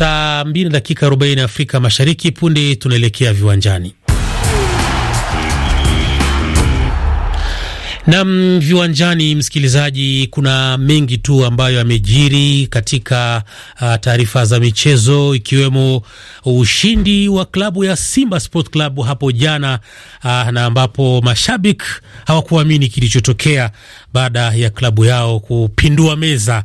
saa 2 na dakika 40 Afrika Mashariki. Punde tunaelekea viwanjani. Nam, viwanjani msikilizaji, kuna mengi tu ambayo yamejiri katika uh, taarifa za michezo ikiwemo ushindi wa klabu ya Simba Sport Club hapo jana uh, na ambapo mashabiki hawakuamini kilichotokea baada ya klabu yao kupindua meza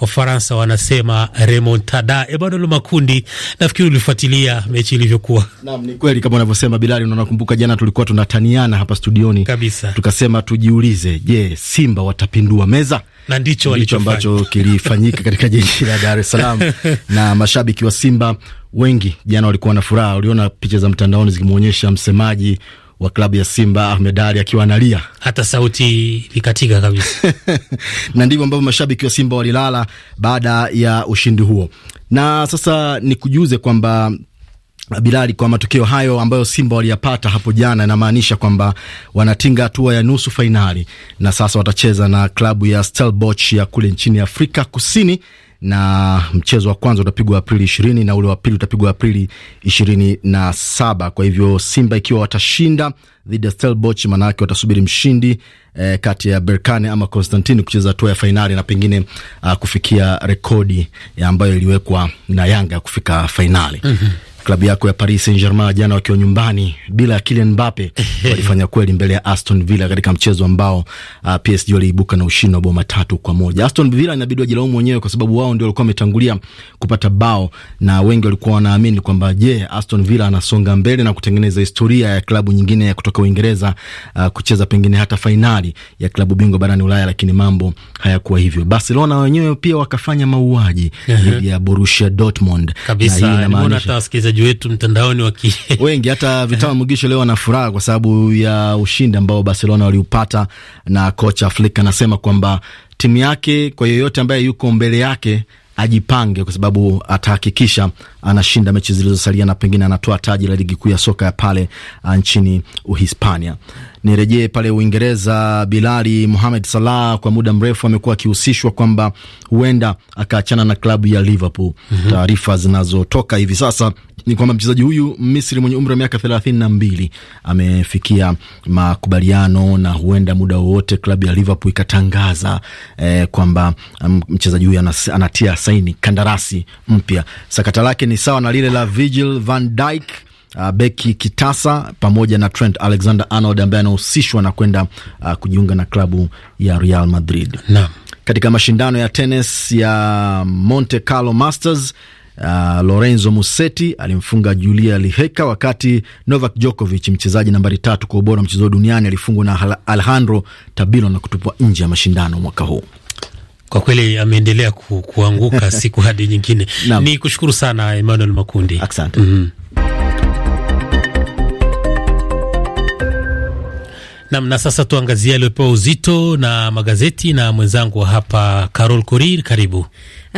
Wafaransa wanasema remontada. Emanuel Makundi, nafikiri ulifuatilia mechi ilivyokuwa. Naam, ni kweli kama unavyosema Bilali, na jana tulikuwa tunataniana hapa studioni kabisa, tukasema tujiulize, je, Simba watapindua meza? Na ndicho ndicho ambacho kilifanyika katika jiji la Dar es Salaam na mashabiki wa Simba wengi jana walikuwa na furaha. Uliona picha za mtandaoni zikimwonyesha msemaji wa klabu ya Simba Ahmed Ali akiwa analia hata sauti ikatika kabisa na ndivyo ambavyo mashabiki wa Simba walilala baada ya ushindi huo. Na sasa nikujuze kwamba uh, Bilali, kwa matokeo hayo ambayo Simba waliyapata hapo jana, inamaanisha kwamba wanatinga hatua ya nusu fainali, na sasa watacheza na klabu ya Stellenbosch ya kule nchini Afrika Kusini na mchezo wa kwanza utapigwa Aprili ishirini na ule wa pili utapigwa Aprili ishirini na saba. Kwa hivyo Simba ikiwa watashinda dhidi ya Stellenbosch, maanake watasubiri mshindi eh, kati ya Berkane ama Constantine kucheza hatua ya fainali na pengine uh, kufikia rekodi ambayo iliwekwa na Yanga ya kufika fainali. mm -hmm klabu yako ya Paris Saint Germain jana wakiwa nyumbani bila ya Kylian Mbappe walifanya kweli mbele ya Aston Villa katika mchezo ambao uh, PSG waliibuka na ushindi wa bao matatu kwa moja. Aston Villa inabidi wajilaumu wenyewe kwa sababu wao ndio walikuwa wametangulia kupata bao, na wengi walikuwa wanaamini kwamba je, Aston Villa anasonga mbele na kutengeneza historia ya klabu nyingine ya kutoka Uingereza uh, kucheza pengine hata fainali ya klabu bingwa barani Ulaya, lakini mambo hayakuwa hivyo. Barcelona wenyewe pia wakafanya mauaji dhidi ya Borussia Dortmund kabisa, na hii inamaanisha wasikilizaji wetu mtandaoni waki wengi hata Vital Mugisho leo ana furaha kwa sababu ya ushindi ambao Barcelona waliupata, na kocha Flick anasema kwamba timu yake kwa yoyote ambaye yuko mbele yake ajipange kwa sababu atahakikisha anashinda mechi zilizosalia na pengine anatoa taji la ligi kuu ya soka ya pale uh, nchini Uhispania. Nirejee pale Uingereza, Bilali Mohamed Salah kwa muda mrefu amekuwa akihusishwa kwamba huenda akaachana na klabu ya Liverpool. mm -hmm. Taarifa zinazotoka hivi sasa ni kwamba mchezaji huyu Misri mwenye umri wa miaka thelathini na mbili amefikia makubaliano na huenda muda wowote klabu ya Liverpool ikatangaza eh, kwamba mm, mchezaji huyu anatia saini kandarasi mpya. Sakata lake ni sawa na lile la Virgil van Dijk Uh, beki Kitasa pamoja na Trent Alexander Arnold ambaye anahusishwa na kwenda uh, kujiunga na klabu ya Real Madrid na. Katika mashindano ya tenis ya Monte Carlo Masters Uh, Lorenzo Musetti alimfunga Julia Liheka, wakati Novak Djokovic mchezaji nambari tatu kwa ubora mchezo duniani alifungwa na Alejandro Tabilo na kutupwa nje ya mashindano mwaka huu. Kwa kweli ameendelea ku, kuanguka siku hadi nyingine. Ni kushukuru sana Emmanuel Makundi, asante. mm -hmm. Nam, na sasa tuangazie aliyopewa uzito na magazeti na mwenzangu hapa Carol Korir, karibu.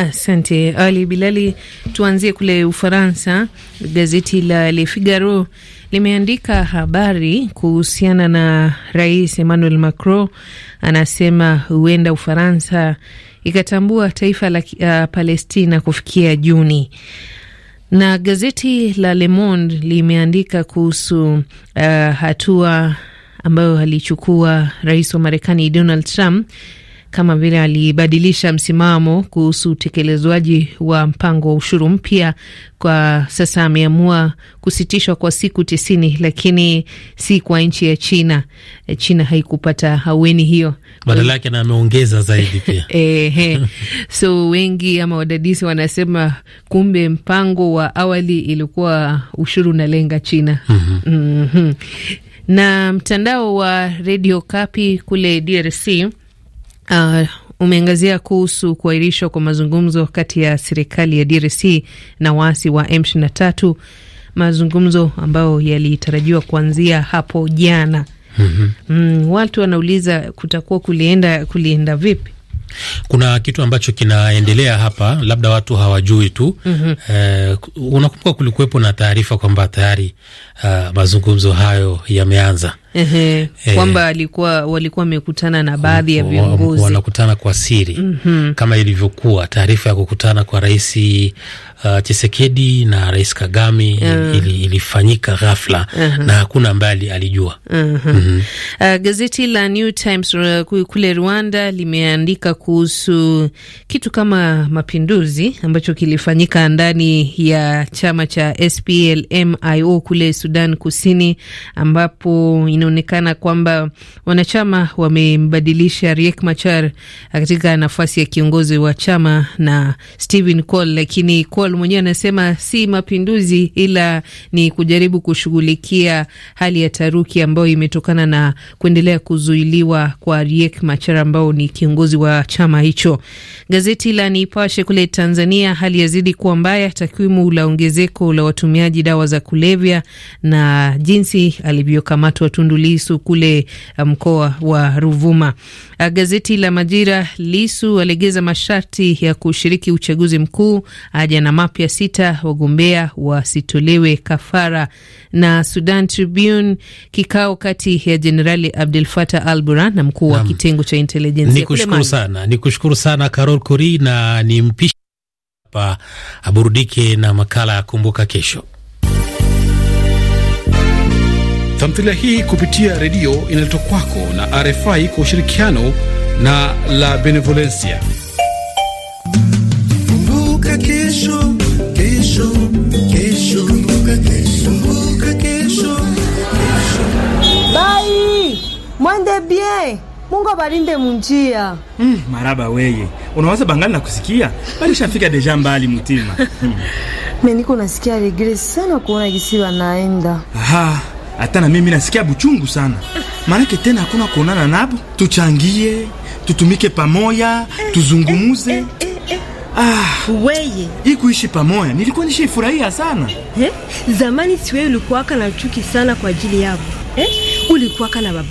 Asante Ali Bilali. Tuanzie kule Ufaransa. Gazeti la Le Figaro limeandika habari kuhusiana na Rais Emmanuel Macron, anasema huenda Ufaransa ikatambua taifa la uh, Palestina kufikia Juni na gazeti la Le Monde limeandika kuhusu uh, hatua ambayo alichukua rais wa Marekani Donald Trump kama vile alibadilisha msimamo kuhusu utekelezwaji wa mpango wa ushuru mpya. Kwa sasa ameamua kusitishwa kwa siku tisini, lakini si kwa nchi ya China. E, China haikupata aweni hiyo, badala yake na ameongeza zaidi pia e, So wengi ama wadadisi wanasema kumbe mpango wa awali ilikuwa ushuru unalenga China. mm -hmm. Mm -hmm. Na mtandao wa Radio Kapi kule DRC Uh, umeangazia kuhusu kuahirishwa kwa mazungumzo kati ya serikali ya DRC na waasi wa M23, mazungumzo ambayo yalitarajiwa kuanzia hapo jana. Mm -hmm. Mm, watu wanauliza kutakuwa kulienda kulienda vipi? Kuna kitu ambacho kinaendelea hapa, labda watu hawajui tu. mm -hmm. Uh, unakumbuka kulikuwepo na taarifa kwamba tayari uh, mazungumzo hayo yameanza Ehe, eh. kwamba alikuwa walikuwa wamekutana na baadhi ya viongozi wanakutana kwa siri mm -hmm. kama ilivyokuwa taarifa ya kukutana kwa rais uh, Chisekedi na Rais Kagame mm. ili, ilifanyika ghafla mm -hmm. na hakuna ambaye alijua mm -hmm. mm -hmm. uh, gazeti la New Times uh, kule Rwanda limeandika kuhusu kitu kama mapinduzi ambacho kilifanyika ndani ya chama cha SPLM-IO kule Sudan Kusini, ambapo inaonekana kwamba wanachama wamembadilisha Riek Machar katika nafasi ya kiongozi wa chama na Stephen Cole, lakini Cole Powell mwenyewe anasema si mapinduzi, ila ni kujaribu kushughulikia hali ya taruki ambayo imetokana na kuendelea kuzuiliwa kwa Riek Machar ambao ni kiongozi wa chama hicho. Gazeti la Nipashe kule Tanzania, hali yazidi kuwa mbaya, takwimu la ongezeko la watumiaji dawa za kulevya na jinsi alivyokamatwa Tundu Lisu kule uh, mkoa wa Ruvuma. Uh, gazeti la Majira, Lisu alegeza masharti ya kushiriki uchaguzi mkuu, aja na mapya sita wagombea wasitolewe kafara. Na Sudan Tribune, kikao kati ya Jenerali abdul fatah al Buran na mkuu wa kitengo cha ni kushukuru sana, kushukuru sana Carol Kori, na ni mpishi hapa aburudike na makala ya kumbuka kesho. Tamthilia hii kupitia redio inaletwa kwako na RFI kwa ushirikiano na La Benevolencia. mungu abalinde munjia mm, eh, maraba weye unawaza bangali na kusikia Bali shafika deja mbali mutima meniko nasikia regre sana kuona gisi wanaenda aha hata na mimi nasikia buchungu sana maanake tena hakuna kuonana nabo tuchangie tutumike pamoja, tuzungumuze Ah, weye hii kuishi pamoja nilikuwa nishifurahia sana eh? Zamani si wewe ulikuwa na chuki sana kwa ajili yako eh? Ulikuwaka na wa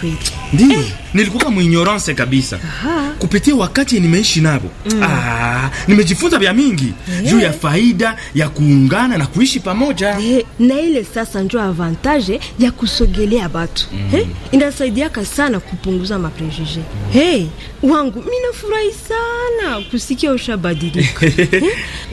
kweli Ndiyo. Eh. Nilikuwa muignorance kabisa. Aha. Kupitia wakati nimeishi nabo. Mm. Ah, nimejifunza vya mingi eh, juu ya faida ya kuungana na kuishi pamoja. Eh, na ile sasa ndio avantage ya kusogelea watu. Mm. Eh, inasaidiaka sana kupunguza maprejije. Mm. Eh, hey, wangu mimi nafurahi sana kusikia ushabadilika. eh?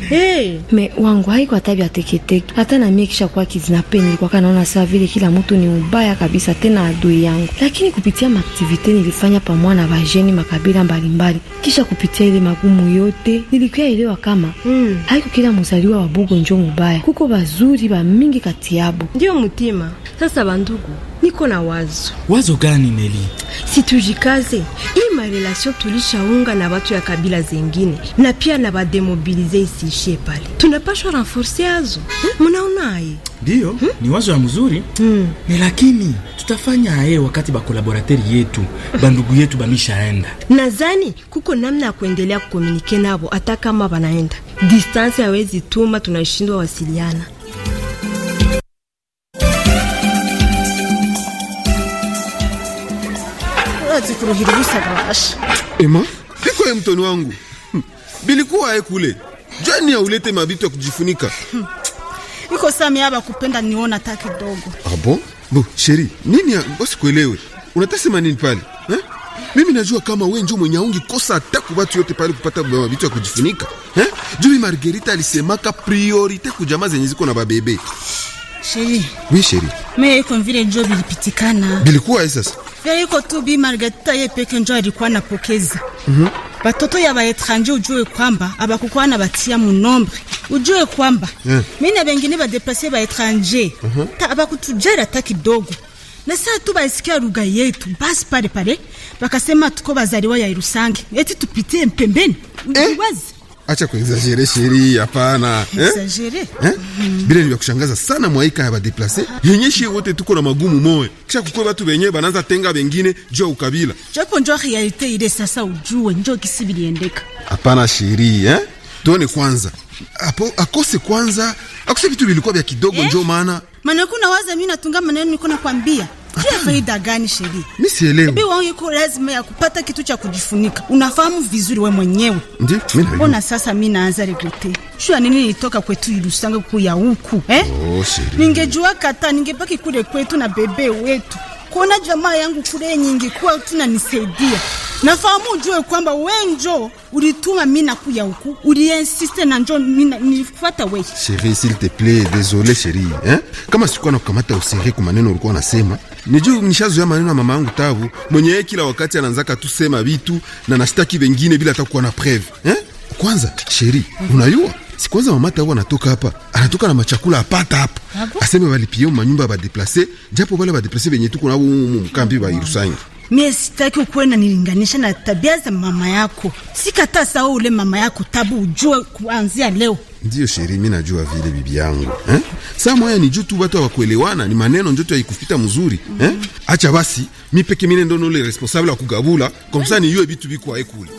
Hey. Eh. Me wangu haiko atabia teketeke. Hata na mimi kisha kwa kizinapeni nilikuwa kanaona sawa vile kila mtu ni ubaya kabisa tena adui yangu. Lakini kupitia Program nilifanya pamoja na vajeni makabila mbalimbali. Kisha kupitia ile magumu yote nilikuwa elewa kama mm, haiko kila muzaliwa wa Bugo njo mubaya, kuko bazuri ba mingi kati yabo, ndio mutima sasa bandugu Niko na wazo. Wazo gani Neli? Si tujikaze hii marelation tulishaunga na watu ya kabila zengine na pia na wademobilize isiishie pale, tunapashwa renforce yazo. Hmm? Munaonaye ndiyo. Hmm? Ni wazo ya mzuri. Hmm. Ni lakini tutafanya aye wakati bakolaborateri yetu bandugu yetu bamishaenda, nazani kuko namna ya kuendelea kukomunike nabo hata kama banaenda distansi, awezi tuma tunashindwa wasiliana kuruhiruhusa Garash. Emma, iko ye mtoni wangu bilikuwa ye kule jani ya ulete mabitu ya kujifunika niko sami hapa kupenda niona ta kidogo. Abo bo sheri nini ya kuelewe unatasema nini pale eh? Mimi najua kama we njo mwenye aungi kosa hata watu yote pale kupata mabitu ya kujifunika eh? Juu Margarita alisemaka priorite kujamaa zenye ziko na babebe Sheri. Oui, sheri. mimi iko vile njo bilipitikana. Bilikuwa sasa. Vile ah, iko eh. mhm. ah, tu Bi Margarita ye peke njo alikuwa napokeza mm -hmm. Batoto ya baetranje ujue kwamba abakukuwa na batia mu ujue kwamba Mimi na bengine badeplase baetranje mm -hmm. ta abakutujara hata kidogo na saa tu baisikia lugha yetu basi pale pale bakasema tuko bazaliwa ya Irusange eti tupitie mpembeni eh? acha kuexagere sheri, hapana eh? eh? mm. Bila ni kushangaza sana mwaika ya badeplase yenyeshi wote tuko na magumu moyo, kisha kukwe batu benye bananza tenga bengine jua ukabila japo njo realite ile. Sasa ujue njo kisibiliendeka. Hapana sheri eh? Tuone kwanza apo akose kwanza akose vitu vilikuwa vya kidogo eh? Njo maana maana kuna waza mimi natunga maneno niko nakwambia Sio faida gani sheria? Mimi sielewi. Bibi wangu yuko lazima ya kupata kitu cha kujifunika. Unafahamu vizuri wewe mwenyewe. Ndio, mimi najua. Ona sasa mimi naanza regrete. Shua nini nitoka kwetu ilusanga kuya huku, eh? Oh, sheria. Ningejua kata ningebaki kule kwetu na bebe wetu. Kuona jamaa yangu kule nyingi kwa tunanisaidia. Nafahamu ujue kwamba we njo ulituma mimi nakuja huku, uliinsiste na njo mimi nilifuata we. Chérie, s'il te plaît, désolé chérie, Hein? Kama sikuwa na nakukamata usiri kwa maneno ulikuwa unasema. Nijuu nishazoea maneno ya mama yangu tavu mwenye yeye kila wakati anaanzaka tu sema vitu na nashtaki vingine bila hata kuwa na preve, eh? Kwanza chérie, unajua? Si kwanza mama Tabu anatoka hapa, anatoka na machakula apata hapa. Aseme walipie manyumba ba déplacer, japo wale ba déplacer venye tuko na mkambi wa Irusangi. Mie sitaki ukuwe nanilinganisha na tabia za mama yako. Sikata sawa ule mama yako tabu, ujue kuanzia leo. Ndiyo sheri, mimi najua vile bibi yangu eh? Saa moya ni juu tu watu hawakuelewana, ni maneno njoto haikufita mzuri mm. -hmm. eh? Acha basi mi peke mine ndo nule responsable wa kugabula komsa yue bitu bikwaye kule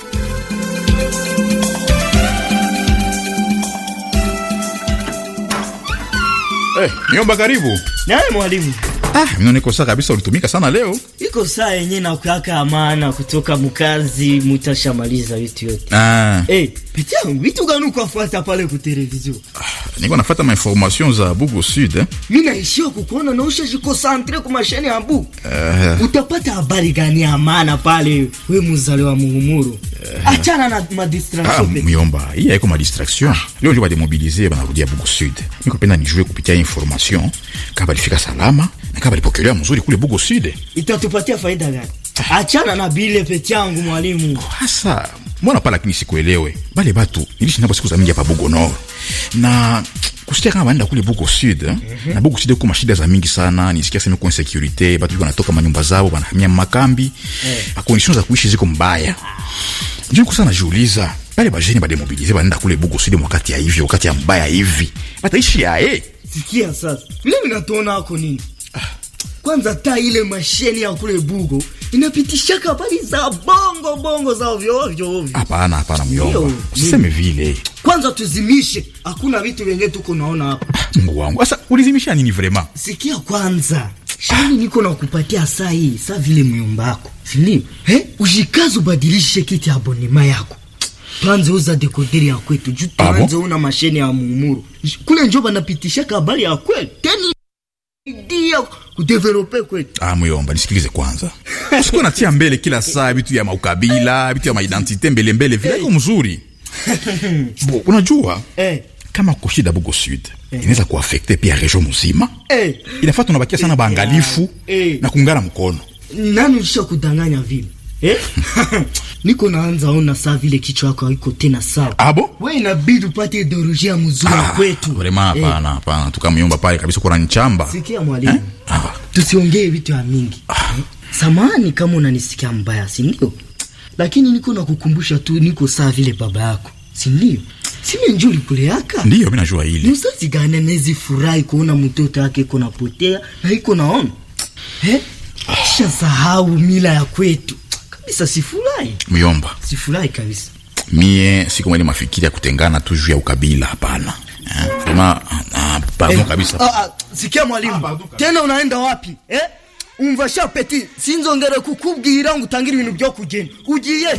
hey, eh, niomba karibu naye mwalimu. Ah, mimi niko nikosa kabisa, ulitumika sana leo iko saa yenye na kaka amana kutoka mukazi mutashamaliza vitu yote. Ah. Eh, hey, pitia vitu gani uko afuata pale ku televizio? Ah, niko nafuata ma information za Bugo Sud eh. Mimi naishia kukuona na usha jiko centre ku mashine ya Bugo. Uh, eh. utapata habari gani amana pale we wa muhumuru? Uh, Achana na ma distraction. Ah, miomba, hii haiko ma distraction. Ah. Leo ndio wa demobiliser bana kudia Bugo Sud. Niko penda nijue kupitia information kama alifika salama na kama mzuri kule Bugoside itatupatia faida gani? Achana na bile peke yangu mwalimu. Oh, hasa mbona pala, lakini sikuelewe bale batu nilishi nabo siku za mingi hapa Bugo na kusikia kama wanaenda kule Bugo Sud mm -hmm. na Bugo Sud kuna shida za mingi sana, nisikia sema kuna security, watu wanatoka manyumba zao wanahamia makambi eh. na Conditions za kuishi ziko mbaya, ndio kusa na najiuliza bale bajeni bade mobilize wanaenda kule Bugo Sud wakati ya hivyo, wakati ya mbaya hivi bataishi ya eh. Sikia sasa, mimi natona hako nini kwanza taa ile masheni ya kule Bugo inapitishaka habari za bongo bongo za ovyo Hapana, hapana mjomba, usiseme vile. Kwanza tuzimishe, hakuna vitu vyenye tuko naona hapa. Ah, Mungu wangu, sasa ulizimisha nini vrema? Sikia kwanza shani niko na kupatia saa hii, saa vile myumba yako sindi eh, ushikazi ubadilishe kiti ya abonema yako tuanze uza dekoderi ya kwetu juu ah, tuanze una masheni ya mumuru kule, njoba banapitishaka habari ya kweli tena ndio kudevelope kwetu. Ah, Muyomba, nisikilize kwanza. Usiku natia mbele kila saa vitu ya maukabila, vitu ya maidentite mbele mbele vile hey. mzuri. Bo, unajua? Hey. Kama kushida Bugo Sud hey. inaweza kuafekte pia region muzima hey. Inafaa tunabakia sana baangalifu hey. na kuungana mkono. Nani usha kudanganya vile? Eh? niko naanza ona saa vile kichwa yako haiko tena sawa. Abo wewe, inabidi upate ideolojia mzuri ah, kwetu vrema. Hapana eh, hapana, tukamyomba pale kabisa, kuna nchamba. Sikia mwalimu eh? Ah, tusiongee vitu ya mingi ah. Eh, samani kama unanisikia mbaya, si ndio? Lakini niko nakukumbusha tu, niko saa vile baba yako, si ndio? Si Sime njuli kuleaka. Ndio mimi najua hili. Muzazi gani anaweza furahi kuona mtoto wake iko napotea na iko naona? Eh? Kisha ah. sahau mila ya kwetu. Kabisa sifu. Miomba sifurahi kabisa. Mie siku mwele mafikiri ya kutengana tu juu ya ukabila, hapana. eh? Sema ah, ah, pardon eh, kabisa. Ah, ah, sikia mwalimu, ah, tena unaenda wapi eh? umvasha peti sinzongera kukubwira ngo utangire ibintu byo kugenda ugiye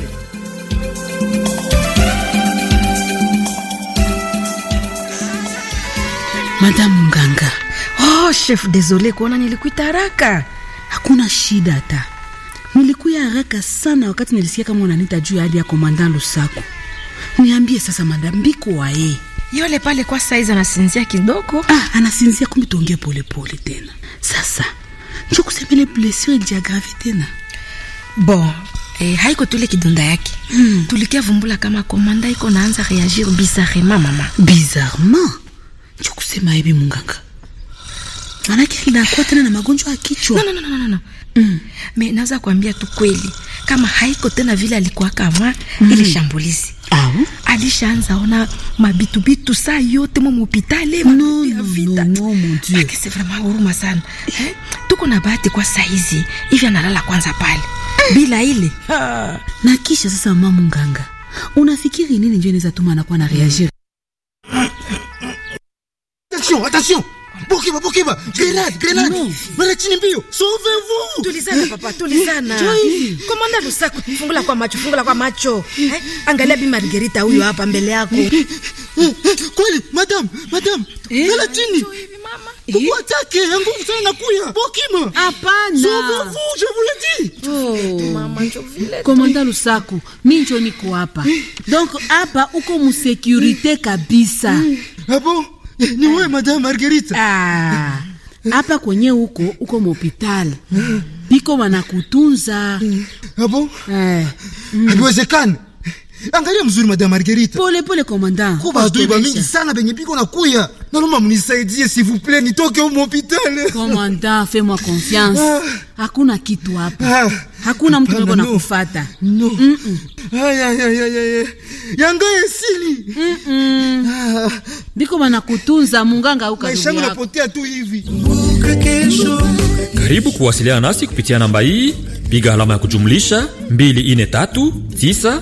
Madamu Nganga. Oh, chef, désolé kuona nilikuita haraka. Hakuna shida hata Nilikuya haraka sana wakati nilisikia kama unanita juu ya hali ya komanda Lusaku. Niambie sasa madam, biko wae yole pale kwa saizi anasinzia kidogo. Ah, anasinzia kumbe, tuongee polepole tena. Sasa njo kusemele blessure jiagrafi tena bon Eh, haiko tule kidonda yake hmm. Tulikia vumbula kama komanda iko naanza reagir bizarrement mama, bizarrement njo kusema hivi munganga Manake nakuwa tena na magonjwa ya kichwa. No, no, no, no, no. Mm. Me naweza kuambia tu kweli kama haiko tena vile alikuwa kama mm. Ile shambulizi au alishaanza ona mabitubitu saa yote mu hospitali no, no, ya vita. No, no, Baki c'est vraiment huruma sana. Eh? Tuko na bahati kwa saizi hivi analala kwanza pale eh. bila ile Na kisha sasa, mama mganga, unafikiri nini ndio inaweza tuma anakuwa na reagir? Attention, attention. Bukiba, Bukiba, Grenade, grenade. Mara chini mbio. Sauve-vous. Tulizana papa, eh, tulizana. Komanda eh, eh. Lusaku, fungula kwa macho, fungula kwa macho. Eh? Angalia Bi Margarita huyo hapa mbele yako. Kweli, madam, madam. Mara chini. Mama. Kukuatake, yangu sana nakuya. Bukima. Hapana. Sauve-vous, je vous le dis. Oh. Mama, njo vile. Komanda Lusaku, mimi njo niko hapa. Donc hapa uko mu securite kabisa. Ah bon? ni wewe madam Margarita. Ah. Hapa kwenye huko uko mhospitali biko wanakutunza. Hapo? Ah eh. Mm. Haiwezekani. Angalia mzuri madam Margarita. Pole pole komanda. Kuba adui ba mingi sana benye piko na kuya. Naomba mnisaidie s'il vous plaît nitoke huko hospitali. Komanda, fais-moi confiance. Ah. Hakuna kitu hapa. Ah. Hakuna mtu yuko nakufuata. No. Mm -mm. Ay ay ay ay. Yanga esili. Mm -mm. Ah. Biko banakutunza munganga huko. Maisha napotea tu hivi. Karibu kuwasiliana nasi kupitia namba hii. Piga alama ya kujumlisha 243 9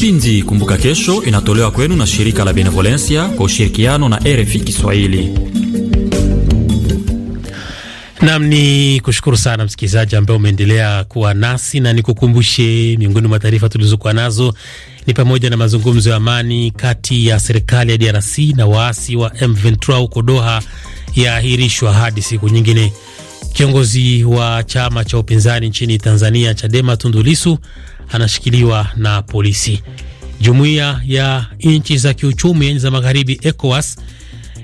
Kipindi Kumbuka Kesho inatolewa kwenu na shirika la Benevolencia kwa ushirikiano na RFI Kiswahili. Nam ni kushukuru sana msikilizaji ambaye umeendelea kuwa nasi, na nikukumbushe miongoni mwa taarifa tulizokuwa nazo ni pamoja na mazungumzo ya amani kati ya serikali ya DRC na waasi wa M23 huko Doha yaahirishwa hadi siku nyingine. Kiongozi wa chama cha upinzani nchini Tanzania, Chadema, Tundu Lissu anashikiliwa na polisi. Jumuiya ya nchi za kiuchumi za magharibi ECOWAS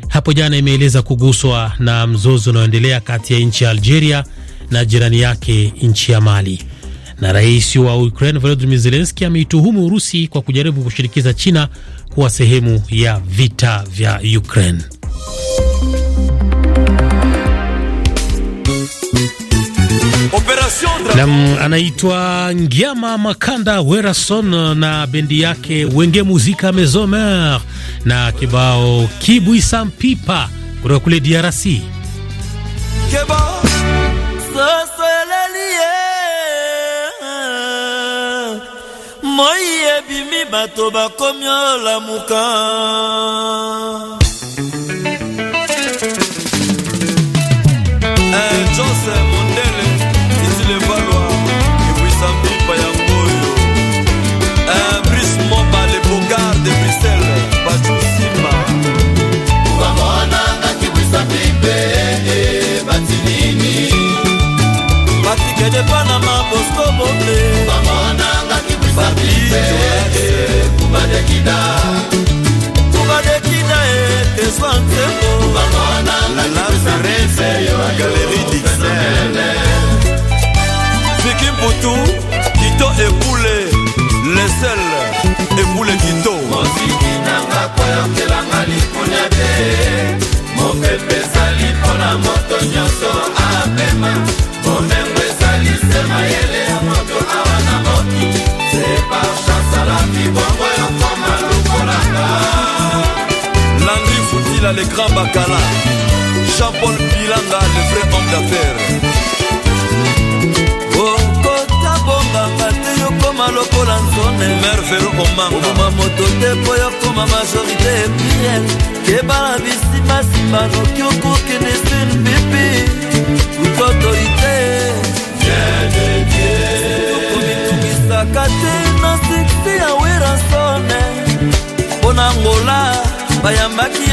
hapo jana imeeleza kuguswa na mzozo unaoendelea kati ya nchi ya Algeria na jirani yake nchi ya Mali. Na rais wa Ukraine Volodymyr Zelensky ameituhumu Urusi kwa kujaribu kushirikiza China kuwa sehemu ya vita vya Ukraine. anaitwa Ngiama Makanda Werason uh, na bendi yake Wenge Muzika Mesomer na kibao Kibwisa Mpipa kutoka kule DRC. Moi ebimi bato bakomi olamuka kinda tubadekinda etezwa ntembolafirefegaleridixer viki mputu kito ebule lesel ebule kito le grand bacala jean-paul bilanga le vrai homme d'affaires okota bongaka te yokoma lokola nsone mervelo omangama moto te mpo yokoma majorité epiriere kebala bisimbasimba noki okokende sunbi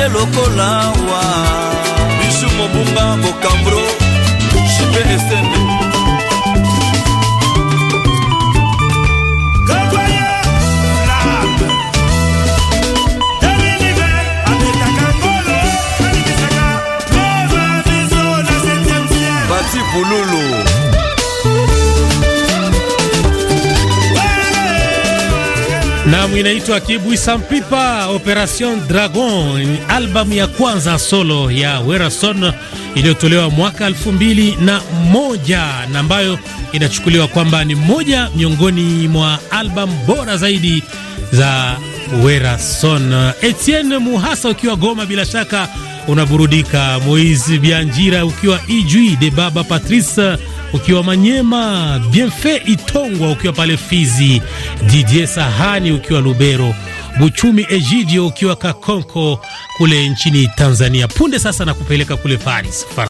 ye lokola wa nam inaitwa Kibwisa Mpipa Operation Dragon, ni albamu ya kwanza solo ya Werason iliyotolewa mwaka elfu mbili na moja na ambayo inachukuliwa kwamba ni moja miongoni mwa albamu bora zaidi za Werason. Etienne Muhasa ukiwa Goma, bila shaka unaburudika. Moise Bianjira ukiwa Ijwi de Baba Patrice ukiwa Manyema, Bienfait Itongwa ukiwa pale Fizi, Didier Sahani ukiwa Lubero, Buchumi ejidio ukiwa Kakonko kule nchini Tanzania. Punde sasa na kupeleka kule Paris.